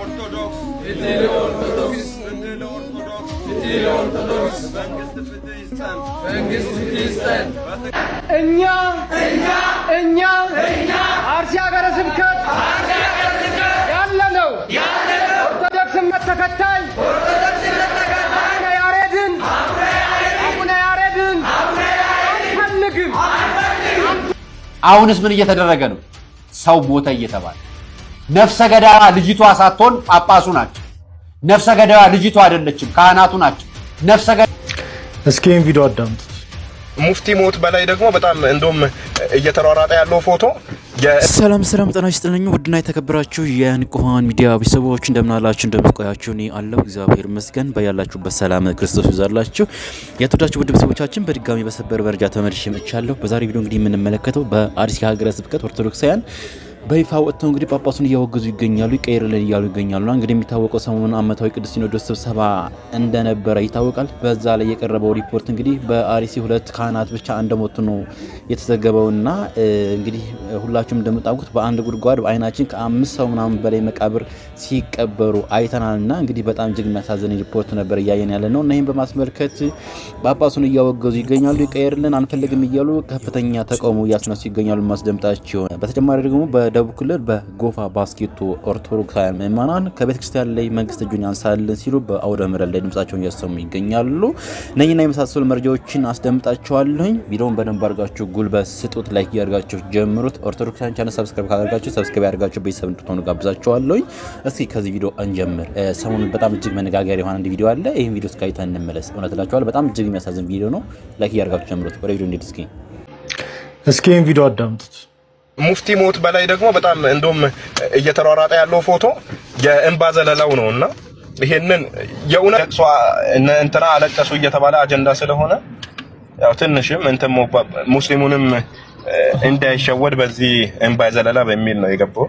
ኦርቶዶክስ እኛ እኛ አርሲ ሀገረ ስብከት ያለነው ኦርቶዶክስ እምነት ተከታይ ያሬድን አቡነ ያሬድን አንፈልግም። አሁንስ ምን እየተደረገ ነው? ሰው ሞተ እየተባለ ነፍሰ ገዳዋ ልጅቷ ሳትሆን ጳጳሱ ናቸው። ነፍሰ ገዳዋ ልጅቷ አይደለችም፣ ካህናቱ ናቸው። ነፍሰ እስኪ ይህን ቪዲዮ አዳምጥ። ሙፍቲ ሞት በላይ ደግሞ በጣም እንደውም እየተሯራጠ ያለው ፎቶ ሰላም ሰላም፣ ጤና ይስጥልኝ ውድና የተከበራችሁ የንቁሃን ሚዲያ ቤተሰቦች እንደምናላችሁ እንደምትቆያችሁ፣ እኔ አለሁ እግዚአብሔር ይመስገን። በያላችሁበት ሰላም ክርስቶስ ይዛላችሁ። የተወዳችሁ ውድ ቤተሰቦቻችን በድጋሚ በሰበር መረጃ ተመልሼ መጥቻለሁ። በዛሬ ቪዲዮ እንግዲህ የምንመለከተው በአርሲ ሀገረ ስብከት ኦርቶዶክሳውያን በይፋ ወጥተው እንግዲህ ጳጳሱን እያወገዙ ይገኛሉ። ይቀይርልን እያሉ ይገኛሉ እንግዲህ የሚታወቀው ሰሞኑን ዓመታዊ ቅዱስ ሲኖዶስ ስብሰባ እንደነበረ ይታወቃል። በዛ ላይ የቀረበው ሪፖርት እንግዲህ በአርሲ ሁለት ካህናት ብቻ እንደሞቱ ነው የተዘገበውና እንግዲህ ሁላችሁም እንደምታውቁት በአንድ ጉድጓድ በአይናችን ከአምስት ሰው ምናምን በላይ መቃብር ሲቀበሩ አይተናልና እንግዲህ በጣም እጅግ የሚያሳዝን ሪፖርት ነበር እያየን ያለ ነው እና ይህም በማስመልከት ጳጳሱን እያወገዙ ይገኛሉ። ይቀየርልን አንፈልግም እያሉ ከፍተኛ ተቃውሞ እያስነሱ ይገኛሉ። ማስደምጣቸው በተጨማሪ ደግሞ በደቡብ ክልል በጎፋ ባስኬቶ ኦርቶዶክሳውያን ምዕመናን ከቤተ ክርስቲያን ላይ መንግስት እጁን ያንሳልን ሲሉ በአውደ ምሕረት ላይ ድምጻቸውን እያሰሙ ይገኛሉ። እነኝና የመሳሰሉ መረጃዎችን አስደምጣቸዋለሁኝ። ቪዲዮውን በደንብ አድርጋችሁ ጉልበት ስጡት፣ ላይክ እያደርጋችሁ ጀምሩት። ኦርቶዶክሳውያን ቻናል ሰብስክራይብ ካደርጋችሁ ሰብስክራይብ ያደርጋችሁ ቤተሰብ እንድትሆኑ ጋብዛችኋለሁኝ። እስኪ ከዚህ ቪዲዮ እንጀምር። ሰሞኑን በጣም እጅግ መነጋገር የሆነ አንድ ቪዲዮ አለ። ይህም ቪዲዮ እስካይተ እንመለስ። እውነት እላችኋለሁ በጣም እጅግ የሚያሳዝን ቪዲዮ ነው። ላይክ እያደርጋችሁ ጀምሩት። ወደ ቪዲዮ እንሂድ። እስኪ እስኪ ይህን ቪዲዮ አዳምጡት። ሙፍቲ ሞት በላይ ደግሞ በጣም እንደውም እየተሯሯጠ ያለው ፎቶ የእንባ ዘለላው ነውና ይሄንን የእውነት ለቅሶ እንትና አለቀሱ እየተባለ አጀንዳ ስለሆነ ያው ትንሽም እንትን ሙስሊሙንም እንዳይሸወድ በዚህ እንባ ዘለላ በሚል ነው የገባው።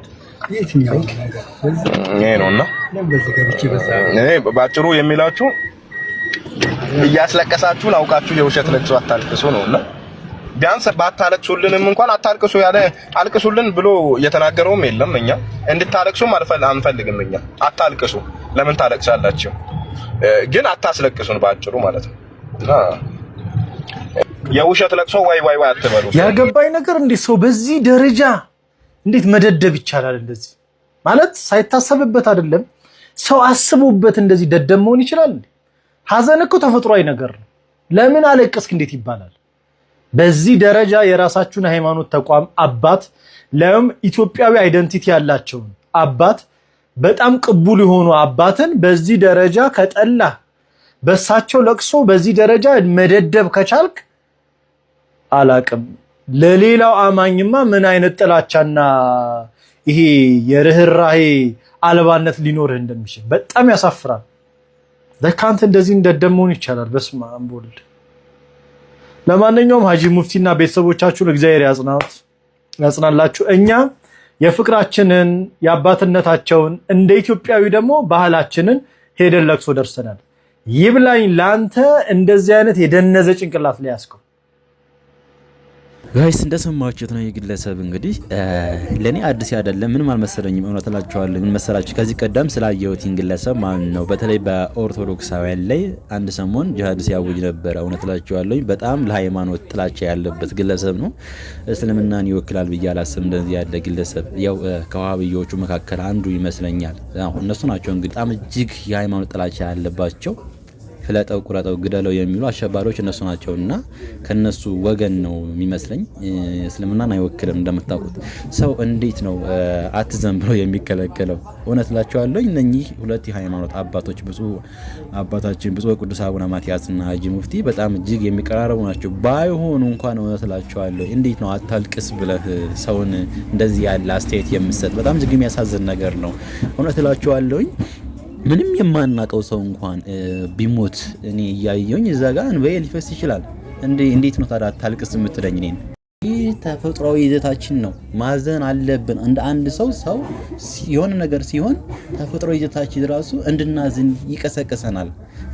ይሄ ነው ነውና እኔ ባጭሩ የሚላችሁ እያስለቀሳችሁን አውቃችሁ የውሸት ለቅሶ አታልቅሱ ነውና ቢያንስ ባታለቅሱልንም እንኳን አታልቅሱ ያለ አልቅሱልን ብሎ የተናገረውም የለም። እኛ እንድታለቅሱም አንፈልግም። እኛ አታልቅሱ፣ ለምን ታለቅሳላችሁ? ግን አታስለቅሱን በአጭሩ ማለት ነው። የውሸት ለቅሶ ዋይ ዋይ ዋይ አትበሉ። ያገባኝ ነገር እንዴት ሰው በዚህ ደረጃ እንዴት መደደብ ይቻላል? እንደዚህ ማለት ሳይታሰብበት አይደለም ሰው አስቦበት እንደዚህ ደደብ መሆን ይችላል። ሀዘን እኮ ተፈጥሯዊ ነገር ነው። ለምን አለቀስክ እንዴት ይባላል? በዚህ ደረጃ የራሳችሁን ሃይማኖት ተቋም አባት ለም ኢትዮጵያዊ አይደንቲቲ ያላቸውን አባት በጣም ቅቡል የሆኑ አባትን በዚህ ደረጃ ከጠላ በሳቸው ለቅሶ በዚህ ደረጃ መደደብ ከቻልክ አላቅም። ለሌላው አማኝማ ምን አይነት ጥላቻና ይሄ የርህራሄ አልባነት ሊኖርህ እንደሚችል በጣም ያሳፍራል። ለካንት እንደዚህ እንደደመሆን ይቻላል። በስመ አብ ወልድ ለማንኛውም ሀጂ ሙፍቲና ቤተሰቦቻችሁን እግዚአብሔር ያጽናት ያጽናላችሁ። እኛ የፍቅራችንን የአባትነታቸውን እንደ ኢትዮጵያዊ ደግሞ ባህላችንን ሄደን ለቅሶ ደርሰናል። ይብላኝ ላንተ እንደዚህ አይነት የደነዘ ጭንቅላት ላይ ያስከው ጋይስ እንደሰማችሁት ነው። የግለሰብ እንግዲህ ለእኔ አዲስ አይደለም፣ ምንም አልመሰለኝም። እውነት እላችኋለሁ። ምን መሰላችሁ? ከዚህ ቀደም ስላየሁት ግለሰብ ማን ነው፣ በተለይ በኦርቶዶክሳውያን ላይ አንድ ሰሞን ጅሃድ ሲያውጅ ነበረ። እውነት እላችኋለሁ። በጣም ለሃይማኖት ጥላቻ ያለበት ግለሰብ ነው። እስልምናን ይወክላል ብዬ አላስብም። እንደዚህ ያለ ግለሰብ ያው ከዋሃብያዎቹ መካከል አንዱ ይመስለኛል። እነሱ ናቸው እንግዲህ በጣም እጅግ የሃይማኖት ጥላቻ ያለባቸው ፍለጠው፣ ቁረጠው፣ ግደለው የሚሉ አሸባሪዎች እነሱ ናቸው እና ከነሱ ወገን ነው የሚመስለኝ። እስልምናን አይወክልም። እንደምታውቁት ሰው እንዴት ነው አትዘን ብሎ የሚከለከለው? እውነት ላቸዋለኝ እነኚህ ሁለት የሃይማኖት አባቶች ብፁዕ አባታችን ብፁዕ ቅዱስ አቡነ ማትያስና ሀጂ ሙፍቲ በጣም እጅግ የሚቀራረቡ ናቸው። ባይሆኑ እንኳን እውነት ላቸዋለሁ። እንዴት ነው አታልቅስ ብለህ ሰውን እንደዚህ ያለ አስተያየት የምሰጥ? በጣም እጅግ የሚያሳዝን ነገር ነው። እውነት ላቸዋለኝ ምንም የማናውቀው ሰው እንኳን ቢሞት እኔ እያየውኝ እዛ ጋር እንባዬ ሊፈስ ይችላል። እንዴት ነው ታዲያ ታልቅስ የምትለኝ? እኔን ይህ ተፈጥሯዊ ይዘታችን ነው። ማዘን አለብን። እንደ አንድ ሰው ሰው የሆነ ነገር ሲሆን ተፈጥሯዊ ይዘታችን ራሱ እንድናዝን ይቀሰቅሰናል።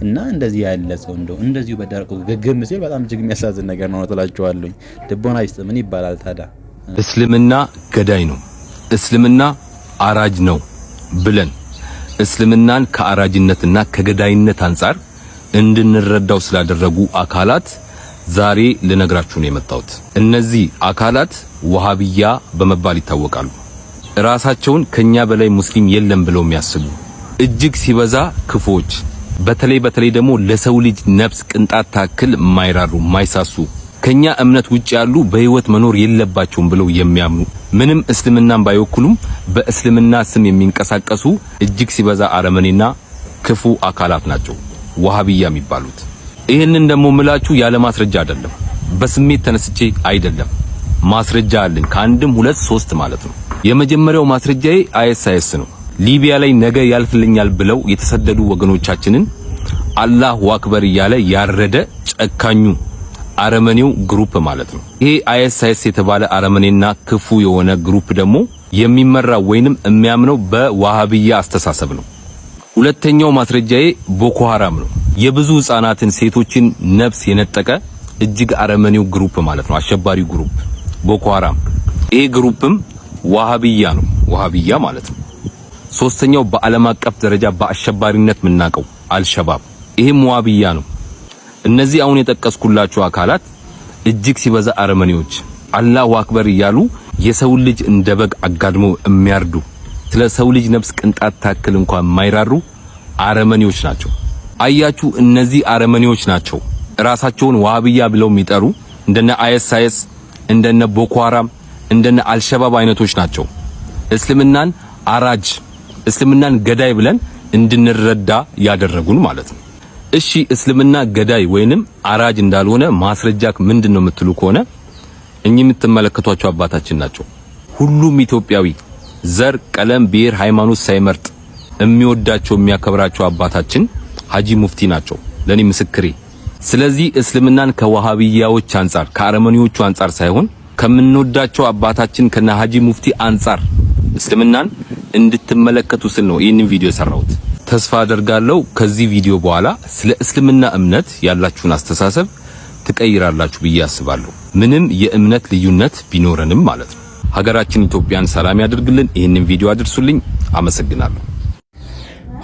እና እንደዚህ ያለ ሰው እንደው እንደዚሁ በደረቁ ግግም ሲል በጣም እጅግ የሚያሳዝን ነገር ነው ትላችኋለኝ። ልቦና ይስጥ። ምን ይባላል ታዲያ? እስልምና ገዳይ ነው፣ እስልምና አራጅ ነው ብለን እስልምናን ከአራጅነትና ከገዳይነት አንጻር እንድንረዳው ስላደረጉ አካላት ዛሬ ልነግራችሁ ነው የመጣሁት። እነዚህ አካላት ወሃቢያ በመባል ይታወቃሉ። ራሳቸውን ከኛ በላይ ሙስሊም የለም ብለው የሚያስቡ እጅግ ሲበዛ ክፎች በተለይ በተለይ ደግሞ ለሰው ልጅ ነፍስ ቅንጣት ታክል ማይራሩ ማይሳሱ ከኛ እምነት ውጭ ያሉ በህይወት መኖር የለባቸውም ብለው የሚያምኑ ምንም እስልምናን ባይወክሉም በእስልምና ስም የሚንቀሳቀሱ እጅግ ሲበዛ አረመኔና ክፉ አካላት ናቸው ዋሃብያ የሚባሉት። ይህንን ደግሞ ምላችሁ ያለ ማስረጃ አይደለም፣ በስሜት ተነስቼ አይደለም። ማስረጃ አለኝ ከአንድም ሁለት ሶስት ማለት ነው። የመጀመሪያው ማስረጃዬ አይኤስአይኤስ ነው። ሊቢያ ላይ ነገ ያልፍልኛል ብለው የተሰደዱ ወገኖቻችንን አላሁ አክበር እያለ ያረደ ጨካኙ አረመኔው ግሩፕ ማለት ነው። ይሄ አይኤስአይኤስ የተባለ አረመኔና ክፉ የሆነ ግሩፕ ደግሞ የሚመራ ወይንም የሚያምነው በዋሃብያ አስተሳሰብ ነው። ሁለተኛው ማስረጃዬ ቦኮ ሐራም ነው። የብዙ ህጻናትን፣ ሴቶችን ነፍስ የነጠቀ እጅግ አረመኔው ግሩፕ ማለት ነው። አሸባሪው ግሩፕ ቦኮ ሐራም። ይሄ ግሩፕም ዋሃብያ ነው፣ ዋሃብያ ማለት ነው። ሶስተኛው በዓለም አቀፍ ደረጃ በአሸባሪነት የምናውቀው አልሸባብ ይህም ዋሃብያ ነው። እነዚህ አሁን የጠቀስኩላችሁ አካላት እጅግ ሲበዛ አረመኔዎች፣ አላሁ አክበር እያሉ የሰው ልጅ እንደ በግ አጋድሞ የሚያርዱ ስለ ሰው ልጅ ነፍስ ቅንጣት ታክል እንኳን የማይራሩ አረመኔዎች ናቸው። አያችሁ፣ እነዚህ አረመኔዎች ናቸው ራሳቸውን ዋሃብያ ብለው የሚጠሩ እንደነ አይኤስአይኤስ እንደነ ቦኮ እንደነ አልሸባብ አይነቶች ናቸው። እስልምናን አራጅ እስልምናን ገዳይ ብለን እንድንረዳ ያደረጉን ማለት ነው። እሺ እስልምና ገዳይ ወይንም አራጅ እንዳልሆነ ማስረጃክ ምንድን ነው የምትሉ ከሆነ እኚህ የምትመለከቷቸው አባታችን ናቸው። ሁሉም ኢትዮጵያዊ ዘር፣ ቀለም፣ ብሔር፣ ሃይማኖት ሳይመርጥ የሚወዳቸው የሚያከብራቸው አባታችን ሀጂ ሙፍቲ ናቸው፣ ለኔ ምስክሬ። ስለዚህ እስልምናን ከዋሃብያዎች አንጻር ከአረመኔዎቹ አንጻር ሳይሆን ከምንወዳቸው አባታችን ከነ ሀጂ ሙፍቲ አንጻር እስልምናን እንድትመለከቱ ስል ነው ይህንን ቪዲዮ የሰራሁት። ተስፋ አደርጋለሁ ከዚህ ቪዲዮ በኋላ ስለ እስልምና እምነት ያላችሁን አስተሳሰብ ትቀይራላችሁ ብዬ አስባለሁ። ምንም የእምነት ልዩነት ቢኖረንም ማለት ነው። ሀገራችን ኢትዮጵያን ሰላም ያደርግልን። ይህንን ቪዲዮ አድርሱልኝ። አመሰግናለሁ።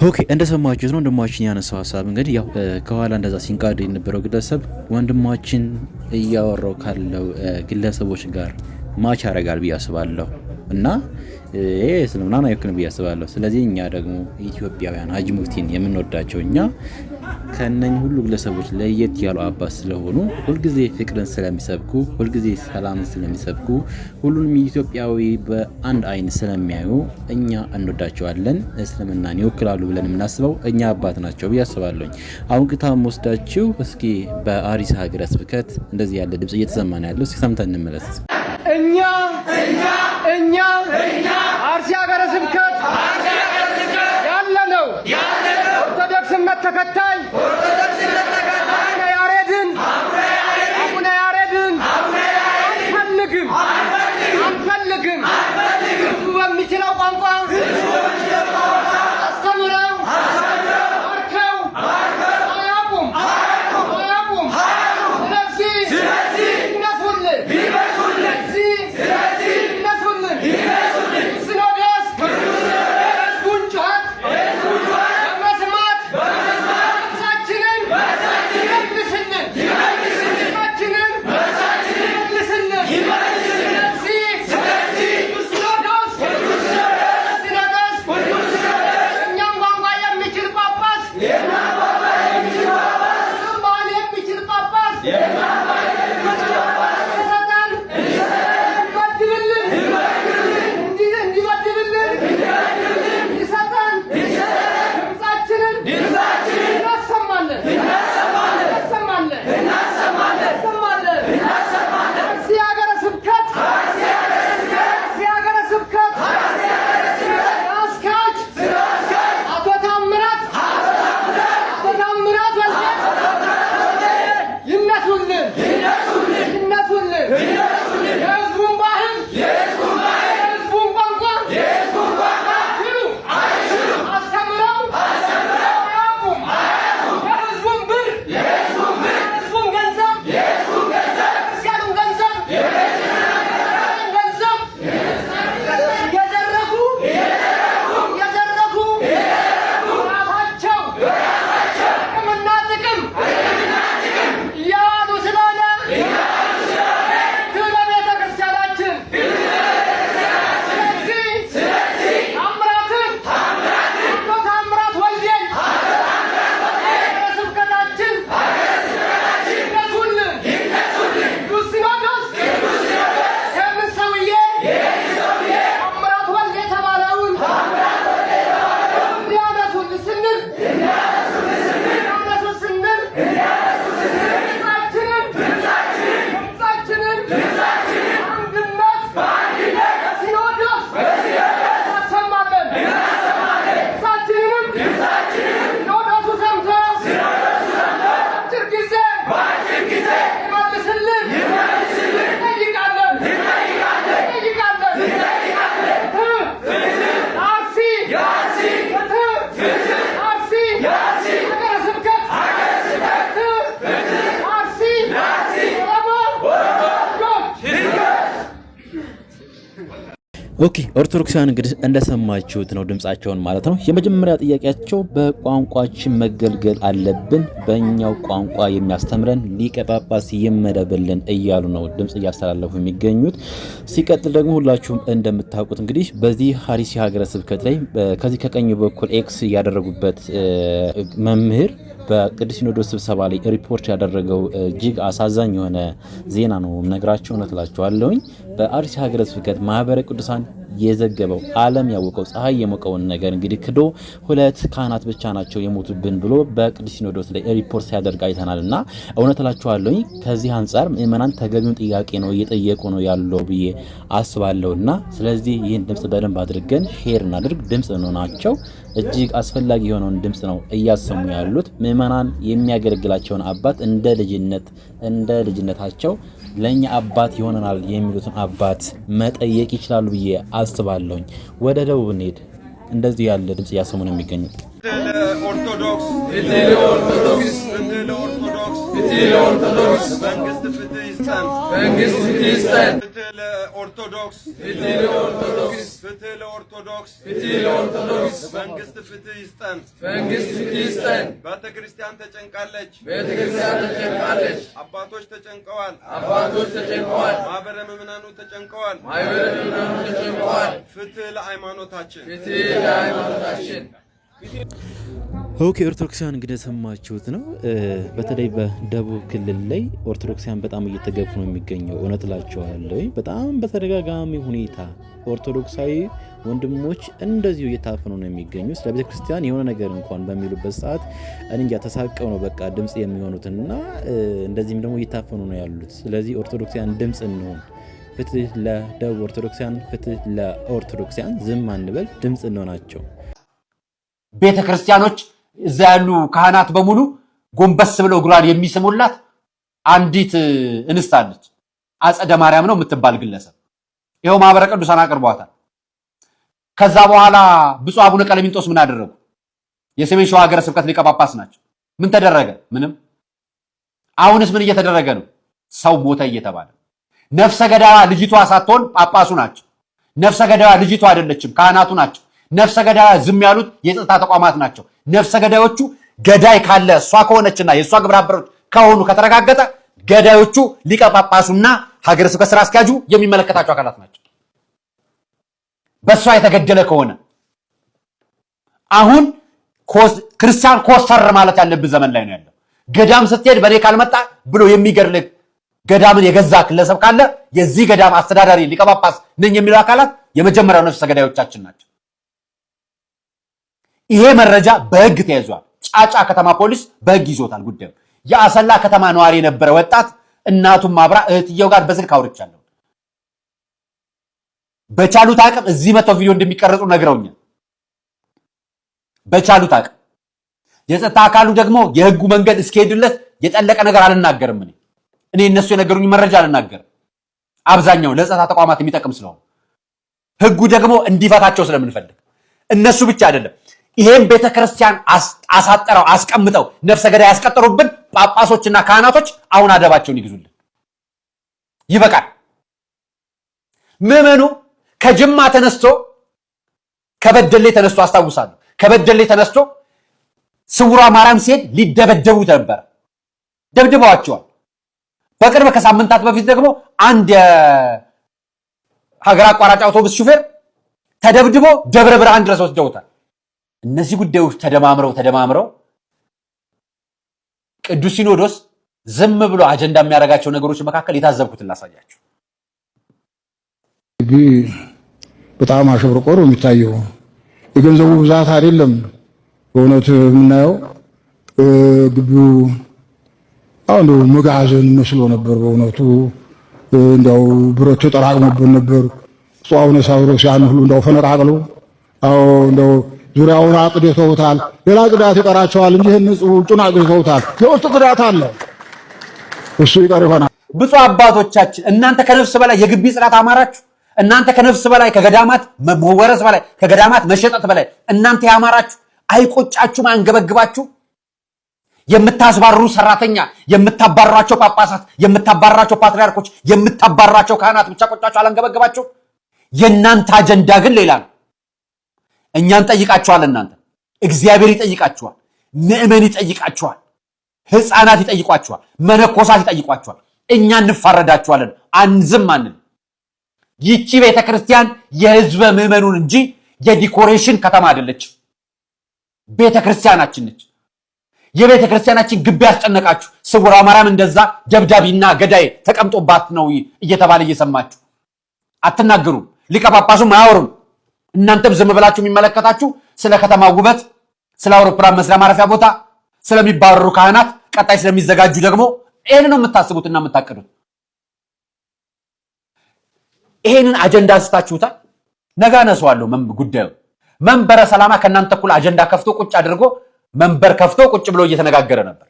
ኦኬ እንደሰማችሁት ነው ወንድማችን ያነሳው ሀሳብ እንግዲህ ያው ከኋላ እንደዛ ሲንቃድ የነበረው ግለሰብ ወንድማችን እያወራው ካለው ግለሰቦች ጋር ማች ያደርጋል ብዬ አስባለሁ እና ይሄ እስልምናን አይወክልም ብዬ አስባለሁ። ስለዚህ እኛ ደግሞ ኢትዮጵያውያን ሀጅ ሙፍቲን የምንወዳቸው እኛ ከነኝ ሁሉ ግለሰቦች ለየት ያሉ አባት ስለሆኑ ሁልጊዜ ፍቅርን ስለሚሰብኩ፣ ሁልጊዜ ሰላምን ስለሚሰብኩ፣ ሁሉንም ኢትዮጵያዊ በአንድ አይን ስለሚያዩ እኛ እንወዳቸዋለን። እስልምናን ይወክላሉ ብለን የምናስበው እኛ አባት ናቸው ብዬ አስባለሁኝ። አሁን ቅታም ወስዳችሁ እስኪ በአሪስ ሀገረ ስብከት እንደዚህ ያለ ድምጽ እየተሰማ ነው ያለው። እስኪ ሰምተን እንመለስ። እኛ እኛ እኛ አርሲ ሀገረ ስብከት ያለ ያለነው ኦርቶዶክስነት ተከታይ ኦኬ ኦርቶዶክሳውያን እንግዲህ እንደሰማችሁት ነው ድምጻቸውን ማለት ነው። የመጀመሪያ ጥያቄያቸው በቋንቋችን መገልገል አለብን፣ በእኛው ቋንቋ የሚያስተምረን ሊቀ ጳጳስ ይመደብልን እያሉ ነው ድምጽ እያስተላለፉ የሚገኙት። ሲቀጥል ደግሞ ሁላችሁም እንደምታውቁት እንግዲህ በዚህ ሀሪሲ ሀገረ ስብከት ላይ ከዚህ ከቀኝ በኩል ኤክስ ያደረጉበት መምህር በቅዱስ ሲኖዶስ ስብሰባ ላይ ሪፖርት ያደረገው እጅግ አሳዛኝ የሆነ ዜና ነው። ነግራቸው እውነት እላቸዋለሁኝ በአዲስ ሀገረ ስብከት ማህበረ ቅዱሳን የዘገበው ዓለም ያወቀው ፀሐይ የሞቀውን ነገር እንግዲህ ክዶ ሁለት ካህናት ብቻ ናቸው የሞቱብን ብሎ በቅዱስ ሲኖዶስ ላይ ሪፖርት ሲያደርግ አይተናል። እና እውነት እላችኋለሁኝ ከዚህ አንጻር ምእመናን ተገቢውን ጥያቄ ነው እየጠየቁ ነው ያለው ብዬ አስባለሁ። እና ስለዚህ ይህን ድምፅ በደንብ አድርገን ሼር እናድርግ። ድምፅ ነው ናቸው እጅግ አስፈላጊ የሆነውን ድምፅ ነው እያሰሙ ያሉት ምእመናን የሚያገለግላቸውን አባት እንደ ልጅነት እንደ ልጅነታቸው ለእኛ አባት ይሆነናል የሚሉትን አባት መጠየቅ ይችላሉ ብዬ አስባለሁኝ። ወደ ደቡብ እንሄድ። እንደዚህ ያለ ድምፅ እያሰሙ ነው የሚገኙት። መንግስት ፍትህ ይስጠን። ለኦርቶዶክስ ፍትህ ለኦርቶዶክስ ፍትህ ለኦርቶዶክስ ፍትህ ለኦርቶዶክስ መንግስት ፍትህ ይስጠን መንግስት ፍትህ ይስጠን። ቤተክርስቲያን ተጨንቃለች ቤተክርስቲያን ተጨንቃለች። አባቶች ተጨንቀዋል አባቶች ተጨንቀዋል። ማህበረ ምዕመናኑ ተጨንቀዋል ማህበረ ምዕመናኑ ተጨንቀዋል። ፍትህ ለሃይማኖታችን ፍትህ ለሃይማኖታችን ኦኬ ኦርቶዶክሳውያን እንግዲህ የሰማችሁት ነው። በተለይ በደቡብ ክልል ላይ ኦርቶዶክሳውያን በጣም እየተገፉ ነው የሚገኘው። እውነት እላቸዋለሁ። በጣም በተደጋጋሚ ሁኔታ ኦርቶዶክሳዊ ወንድሞች እንደዚሁ እየታፈኑ ነው የሚገኙ። ስለ ቤተ ክርስቲያን የሆነ ነገር እንኳን በሚሉበት ሰዓት እንጃ ተሳቀው ነው በቃ ድምፅ የሚሆኑትና እንደዚህም ደግሞ እየታፈኑ ነው ያሉት። ስለዚህ ኦርቶዶክሳውያን ድምፅ እንሆን ፍትህ ለደቡብ ኦርቶዶክሳውያን፣ ፍትህ ለኦርቶዶክሳውያን። ዝም አንበል፣ ድምፅ እንሆናቸው። ቤተ ክርስቲያኖች እዛ ያሉ ካህናት በሙሉ ጎንበስ ብለው እግሯን የሚስሙላት አንዲት እንስት አለች። አጸደ ማርያም ነው የምትባል ግለሰብ። ይኸው ማህበረ ቅዱሳን አቅርቧታል። ከዛ በኋላ ብፁ አቡነ ቀለሚንጦስ ምን አደረጉ? የሰሜን ሸዋ ሀገረ ስብከት ሊቀ ጳጳስ ናቸው። ምን ተደረገ? ምንም። አሁንስ ምን እየተደረገ ነው? ሰው ሞተ እየተባለ ነፍሰ ገዳዋ ልጅቷ ሳትሆን ጳጳሱ ናቸው። ነፍሰ ገዳዋ ልጅቷ አይደለችም፣ ካህናቱ ናቸው። ነፍሰ ገዳ ዝም ያሉት የጸጥታ ተቋማት ናቸው። ነፍሰ ገዳዮቹ ገዳይ ካለ እሷ ከሆነችና የእሷ ግብረ አበሮች ከሆኑ ከተረጋገጠ ገዳዮቹ ሊቀ ጳጳሱና ሀገረ ስብከት ስራ አስኪያጁ የሚመለከታቸው አካላት ናቸው። በእሷ የተገደለ ከሆነ አሁን ክርስቲያን ኮስተር ማለት ያለብን ዘመን ላይ ነው ያለው። ገዳም ስትሄድ በእኔ ካልመጣ ብሎ የሚገድልህ ገዳምን የገዛ ግለሰብ ካለ የዚህ ገዳም አስተዳዳሪ ሊቀ ጳጳስ ነኝ የሚለው አካላት የመጀመሪያው ነፍሰ ገዳዮቻችን ናቸው። ይሄ መረጃ በህግ ተይዟል። ጫጫ ከተማ ፖሊስ በህግ ይዞታል ጉዳዩ። የአሰላ ከተማ ነዋሪ የነበረ ወጣት እናቱም አብራ እህትየው ጋር በስልክ አውርቻለሁ። በቻሉት አቅም እዚህ መተው ቪዲዮ እንደሚቀረጹ ነግረውኛል። በቻሉት አቅም የጸጥታ አካሉ ደግሞ የህጉ መንገድ እስኪሄድለት የጠለቀ ነገር አልናገርም። እኔ እኔ እነሱ የነገሩኝ መረጃ አልናገርም። አብዛኛው ለጸጥታ ተቋማት የሚጠቅም ስለሆነ ህጉ ደግሞ እንዲፈታቸው ስለምንፈልግ እነሱ ብቻ አይደለም ይሄን ቤተክርስቲያን አሳጠረው አስቀምጠው ነፍሰ ገዳይ ያስቀጠሩብን ጳጳሶችና ካህናቶች አሁን አደባቸውን ይግዙልን። ይበቃል። ምዕመኑ ከጅማ ተነስቶ ከበደሌ ተነስቶ አስታውሳለሁ፣ ከበደሌ ተነስቶ ስውሯ ማርያም ሲሄድ ሊደበደቡት ነበር። ደብድበዋቸዋል። በቅርብ ከሳምንታት በፊት ደግሞ አንድ የሀገር አቋራጭ አውቶቡስ ሹፌር ተደብድቦ ደብረ ብርሃን ድረስ ወስደውታል። እነዚህ ጉዳዮች ተደማምረው ተደማምረው ቅዱስ ሲኖዶስ ዝም ብሎ አጀንዳ የሚያደርጋቸው ነገሮች መካከል የታዘብኩት እናሳያቸው። በጣም አሸብርቆ ነው የሚታየው። የገንዘቡ ብዛት አይደለም በእውነት የምናየው ግቢው አሁን መጋዘን መስሎ ነበር። በእውነቱ እንዲያው ብረት ተጠራቅሞብን ነበር። ብፁዕ ሳብሮ ሳዊሮስ ያን ሁሉ እንዲያው ፈነቃቅለው አዎ እንዲያው ዙሪያውን አጽድተውታል። ሌላ ጽዳት ይቀራቸዋል እንጂ ይህን ንጹሕ ውጩን አጽድተውታል። የውስጥ ጽዳት አለ፣ እሱ ይቀር ይሆናል። ብፁዕ አባቶቻችን እናንተ ከነፍስ በላይ የግቢ ጽዳት አማራችሁ። እናንተ ከነፍስ በላይ ከገዳማት መወረስ በላይ ከገዳማት መሸጠት በላይ እናንተ ያማራችሁ አይቆጫችሁም? አንገበግባችሁ የምታስባርሩ ሰራተኛ የምታባርሯቸው ጳጳሳት የምታባርሯቸው ፓትሪያርኮች የምታባርሯቸው ካህናት ብቻ ቆጫችሁ አላንገበግባችሁ። የእናንተ አጀንዳ ግን ሌላ ነው። እኛን ጠይቃችኋል። እናንተ እግዚአብሔር ይጠይቃችኋል። ምእመን ይጠይቃችኋል። ህፃናት ይጠይቋችኋል። መነኮሳት ይጠይቋችኋል። እኛ እንፋረዳችኋለን፣ አንዝም አንል። ይቺ ቤተ ክርስቲያን የህዝበ ምዕመኑን እንጂ የዲኮሬሽን ከተማ አይደለችም። ቤተ ክርስቲያናችን ነች። የቤተ ክርስቲያናችን ግቢ ያስጨነቃችሁ ስውር አማራም እንደዛ ደብዳቢና ገዳይ ተቀምጦባት ነው እየተባለ እየሰማችሁ አትናገሩም። ሊቀ ጳጳሱም አያወሩም። እናንተም ዝም ብላችሁ የሚመለከታችሁ ስለ ከተማ ውበት፣ ስለ አውሮፕላን መስሪያ ማረፊያ ቦታ፣ ስለሚባረሩ ካህናት፣ ቀጣይ ስለሚዘጋጁ ደግሞ ይህን ነው የምታስቡትና የምታቅዱት። ይህንን አጀንዳ አንስታችሁታል። ነገ አነሳዋለሁ ጉዳዩ መንበረ ሰላማ ከእናንተ እኩል አጀንዳ ከፍቶ ቁጭ አድርጎ መንበር ከፍቶ ቁጭ ብሎ እየተነጋገረ ነበር።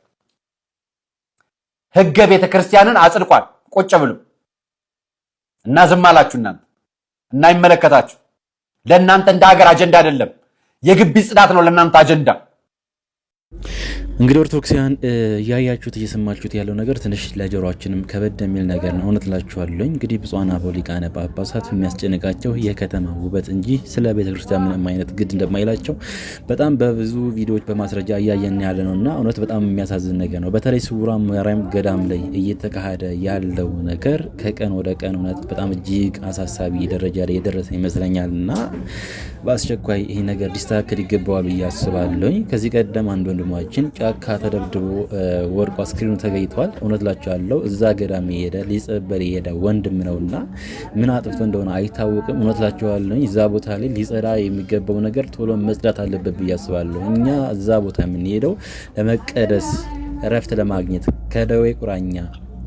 ህገ ቤተ ክርስቲያንን አጽድቋል ቁጭ ብሎ እና ዝም አላችሁ እናንተ እና ይመለከታችሁ ለእናንተ እንደ ሀገር አጀንዳ አይደለም። የግቢ ጽዳት ነው ለእናንተ አጀንዳ። እንግዲህ ኦርቶዶክሳውያን እያያችሁት እየሰማችሁት ያለው ነገር ትንሽ ለጆሮችንም ከበድ የሚል ነገር ነው። እውነት ላችኋለሁ። እንግዲህ ብፁዓን አበው ሊቃነ ጳጳሳት የሚያስጨንቃቸው የከተማ ውበት እንጂ ስለ ቤተ ክርስቲያን ምንም አይነት ግድ እንደማይላቸው በጣም በብዙ ቪዲዮዎች በማስረጃ እያየን ያለ ነው እና እውነት በጣም የሚያሳዝን ነገር ነው። በተለይ ስውራ ማርያም ገዳም ላይ እየተካሄደ ያለው ነገር ከቀን ወደ ቀን እውነት በጣም እጅግ አሳሳቢ ደረጃ ላይ የደረሰ ይመስለኛል እና በአስቸኳይ ይህ ነገር ሊስተካከል ይገባዋል ብዬ ከዚህ ቀደም አንድ ወንድማችን ጫካ ተደብድቦ ወድቆ አስክሬኑ ተገኝተዋል። እውነት ላቸዋለሁ። እዛ ገዳም የሄደ ሊጸበል የሄደ ወንድም ነውና ምን አጥፍቶ እንደሆነ አይታወቅም። እውነት ላቸዋለሁ። እዛ ቦታ ላይ ሊጸዳ የሚገባው ነገር ቶሎ መጽዳት አለበት ብዬ አስባለሁ። እኛ እዛ ቦታ የምንሄደው ለመቀደስ፣ እረፍት ለማግኘት፣ ከደዌ ቁራኛ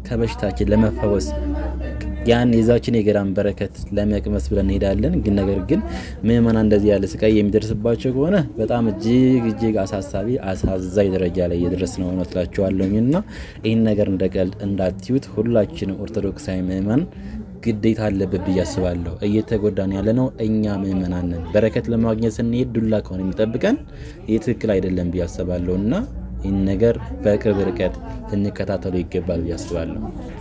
ከበሽታችን ለመፈወስ ያን የዛችን የገራን በረከት ለመቅመስ ብለን እንሄዳለን። ግን ነገር ግን ምዕመናን እንደዚህ ያለ ስቃይ የሚደርስባቸው ከሆነ በጣም እጅግ እጅግ አሳሳቢ አሳዛኝ ደረጃ ላይ እየደረስ ነው ነው ትላችኋለሁኝ እና ይህን ነገር እንደቀልድ እንዳትዩት ሁላችንም ኦርቶዶክሳዊ ምዕመን ግዴታ አለበት ብዬ አስባለሁ። እየተጎዳን ያለ ነው እኛ ምዕመናን በረከት ለማግኘት ስንሄድ ዱላ ከሆነ የሚጠብቀን ይህ ትክክል አይደለም ብዬ አስባለሁ እና ይህን ነገር በቅርብ ርቀት ልንከታተሉ ይገባል ብዬ አስባለሁ።